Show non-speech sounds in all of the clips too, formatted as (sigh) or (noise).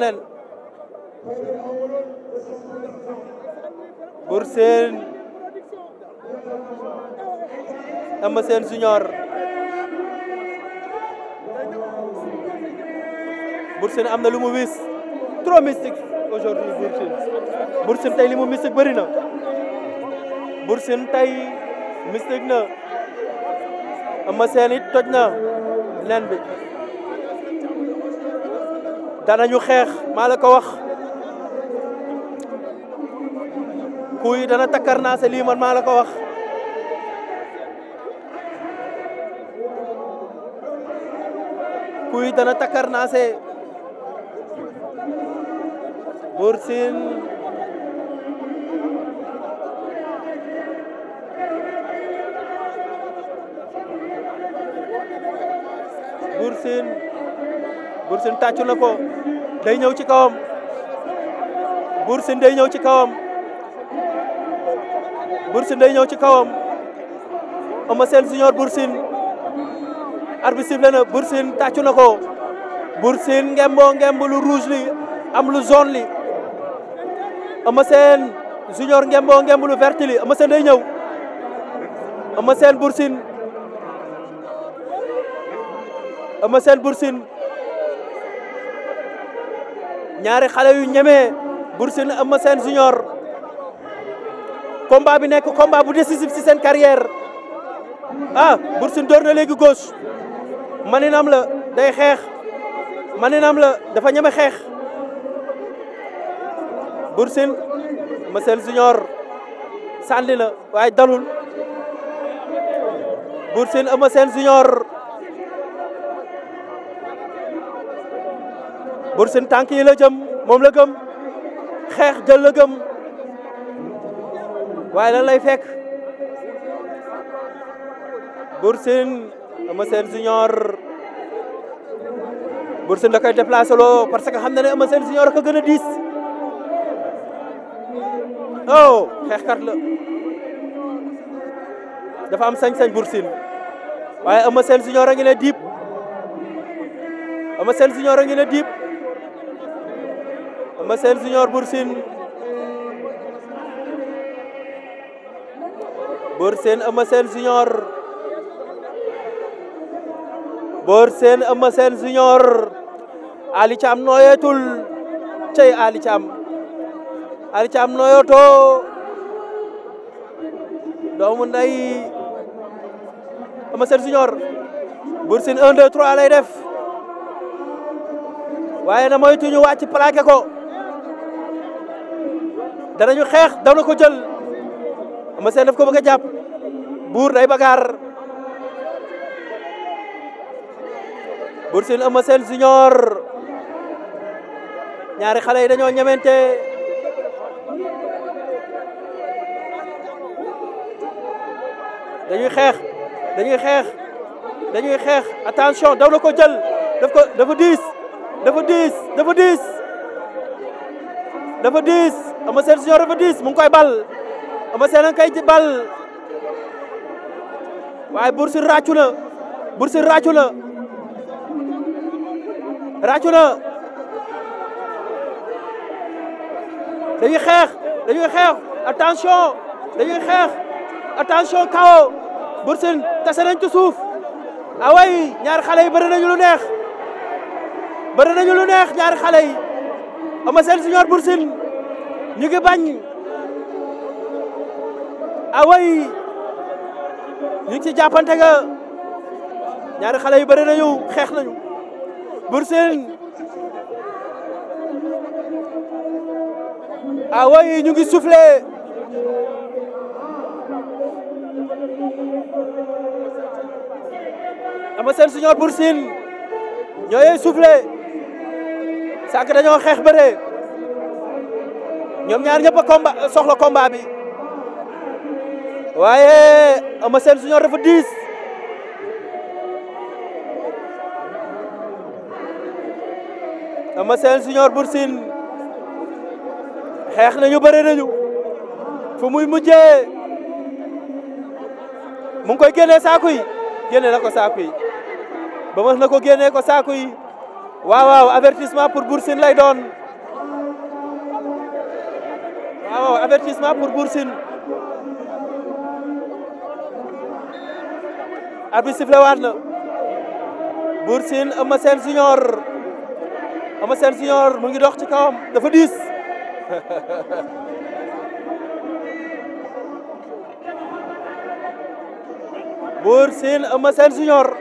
daaneel Bour Sène Eumeu Junior Bour Sène lu mu wis trop mystique aujourd'hui Bour Sène Bour Sène li mu mystique bëri na Bour Sène na Eumeu Sène it toj danañu xeex maa la ko wax kuy dana takar naa sa lii maa la ko wax kuy dana takkar naase se Bour Sine Bour na ko day ñëw ci kawam Bour Sine day ñëw ci kawam Bour Sine day ñëw ci kawam Eumeu Sène Junior Bour Sine arbitre sifflé na Bour Sine tàccu na ko Bour Sine ngemboo ngemb lu rouge li am lu jaune li Eumeu Sène Junior ngemboo ngemb lu vert li Eumeu Sène day ñëw Eumeu Sène Bour Sine ñaari xale yu ñemee Bour Sine Eumeu Sène junior combat bi nekk combat bu décisif ci seen carrière ah Bour Sine door na léegi gos maninam la day xeex maninam la dafa ñeme xeex Bour Sine Eumeu Sène junior sànni waaye dalul Bour Sine Eumeu Sène Boursin tànk yi la jam moom la gëm xeex jël la gëm waaye lan lay fekk Boursin Eumeu Sène junior Boursin da koy loo parce que xam na ne Eumeu Sène junior ko gën a diis oh xeexkat la dafa am sañ-sañ Boursin waaye Eumeu Sène junior a ngi ne diib Eumeu Sène junior a ngi ne diib Eumeu Sène Junior Bour Sine Bour Sine Eumeu Sène Junior Bour Sine Eumeu Sène Junior Ali Thiam nooyeetul cey Ali Thiam Ali Thiam doomu nday Eumeu Junior Bour Sine 1 lay def waaye na moytuñu wàcc plaqué ko danañu xeex daw na ko jël ama seen daf ko bëgg a jàpp buur day bagaar buur sin ama seen junior ñaari xale yi dañoo ñemente dañuy xeex dañuy xeex dañuy xeex attention daw na ko jël daf ko dafa diis dafa diis dafa diis dafa diis Eumeu Sène Junior dafa diis mu ngi koy bal Eumeu Sène a ngi koy bal waaye Bour Sine ràccu na Bour Sine xeex dañuy xeex attention dañuy xeex attention kawo Bour Sine tase nañ ci suuf away ñaari xale yi bëri nañu lu neex bëri nañu lu neex ñaari xale yi Eumeu Sène Junior Bour Sine ñu ngi bañ away ah ñu ngi ci jàppante ga ñaari xale yu bëri nañu xeex nañu Bour Sine away ah ñu ngi soufflé Eumeu si Junior Bour Sine ñooyee sànq dañoo xeex bëree ñoom ñaar ñëpp a soxla combat bi waaye Eumeu Sène dafa diis Eumeu suñoor junior Bour xeex nañu bëre nañu fu muy mujjee mu ngi koy génnee saaku yi génne na ko saaku yi ba ko génnee ko saaku yi waaw waaw avertissement pour Bour Sine lay doon waaw waaw pour Bour Sine arbitre sifflé waat na Bour Junior Eumeu Sène Junior mu ngi dox ci kawam dafa diis (laughs) Bour Sine Eumeu Sène Junior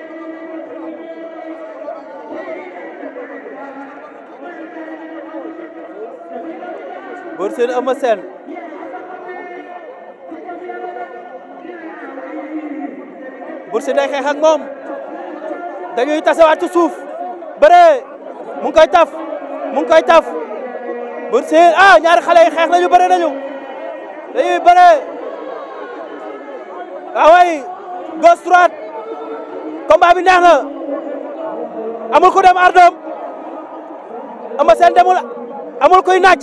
Mbër Sène day xeex moom dañuy tasawaat ci suuf bëree mu ngi koy taf mu ngi koy taf Mbër Sène ah ñaari xale yi xeex nañu bëre nañu dañuy bëree ah waaway gauche droite combat bi neex na amul ku dem ardoom Eumeu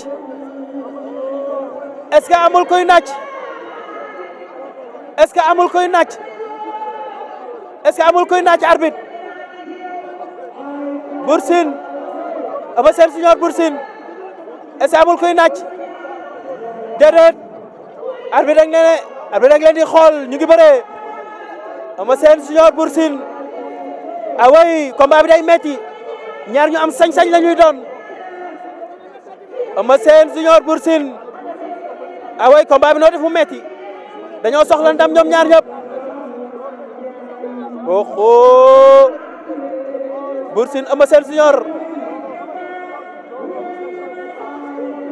est que amul kuy naaj est que amul kuy naaj est-ce que amul kuy naaj arbitre Bour Sine Eumeu Sène Junior Bour Sine est-ce que amul kuy naaj déedéet arbitre rek nee na arbitre rek di xool ñu ngi bëree Eumeu Sène Junior Bour Sine away ah combat bi day metti ñaar ñu am sañ-sañ la ñuy doon Eumeu Sène Junior ah way combat bi noo def mu metti dañoo soxla ndam ñoom ñaar ñëpp oxo Bour Sine Eumeu Sène Junior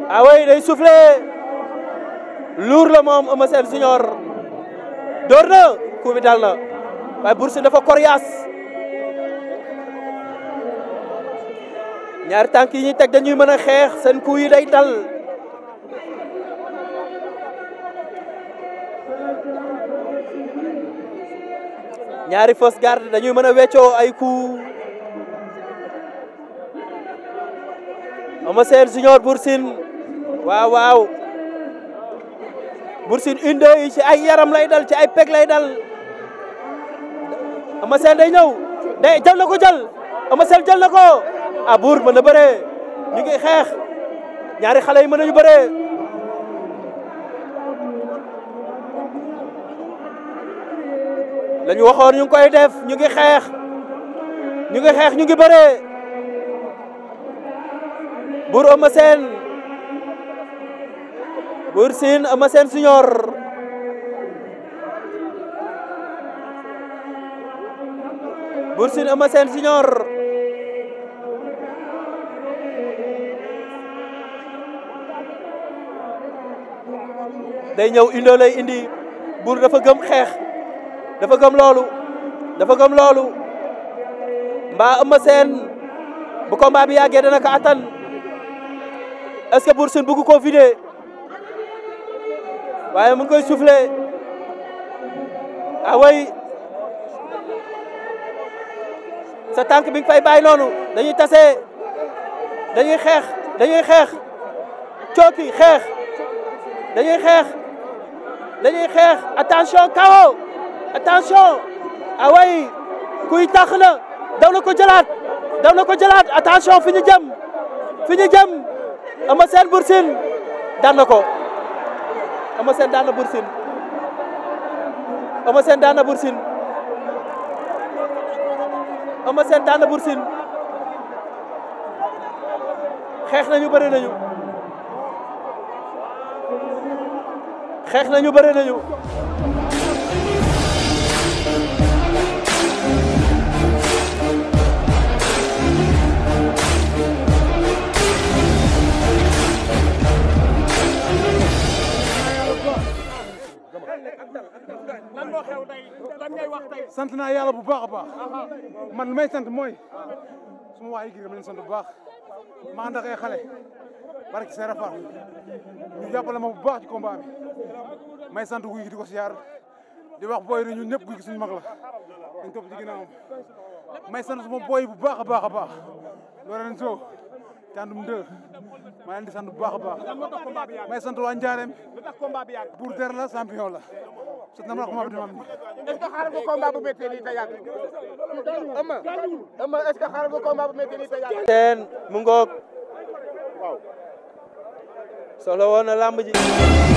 ah way day soufflé lourd la moom Eumeu Sène Junior door na coup bi dal na waaye Bour Sine dafa coriace ñaari tànk yi ñuy teg dañuy mën a xeex seen coup yi day dal ñaari fausse garde dañuy mën a weccoo ay coup Eumeu Sène Junior Bour Sine waaw waaw Bour Sine ci ay yaram lay dal ci ay peg lay dal Eumeu Sène day ñëw day jël na ko jël Eumeu Sène jël na ko ah Bour mën na ñu ngi xeex ñaari xale yi mën nañu lañu waxoon ñu ngi koy def ñu ngi xeex ñu ngi xeex ñu ngi bëree buur Eumeu Sène buur Sine Eumeu Sène Junior buur Sine Eumeu Sène Junior day ñëw indoo indi buur dafa gëm xeex dafa gëm loolu dafa gëm loolu mbaa Eumeu Sène bu combat bi yàggee dana ko attan est que Bour Sine bëgg koo vidé waaye mu ngi koy soufflé ah sa tànk bi nga fay noonu dañuy tase dañuy xeex dañuy xeex cooki xeex dañuy xeex dañuy xeex attention kawo attention away ah kuy tax la daw na ko jëlaat daw na ko jëlaat attention fi ñu jëm fi ñu jëm ama bursin daan na ko ama seen daan na bursin ama seen daan na bursin ama na bursin xeex nañu bëri nañu xeex nañu bëri nañu moo xew tey lan ngay sant naa yàlla bu baax a baax. man lu may sant mooy. suma waa yi gërëm leen sant bu baax. ma ànd ak ay xale. barki seen rafet ñu jàppale ma bu baax ci combat bi. may sant guy gi di ko siyaar di wax booy yi ñun ñëpp guy gi suñu mag la. dañ topp ci ginnaawam may sant suma booy bu baax a baax a baax. Lorenzo Thiandoum 2 maa leen di bu baax a baax may sant waa Ndiarème buur der la champion la sut na ma la combat bi dama am ni bu métti nii te yàgg ama ama bu métti nii te yàgg teen mu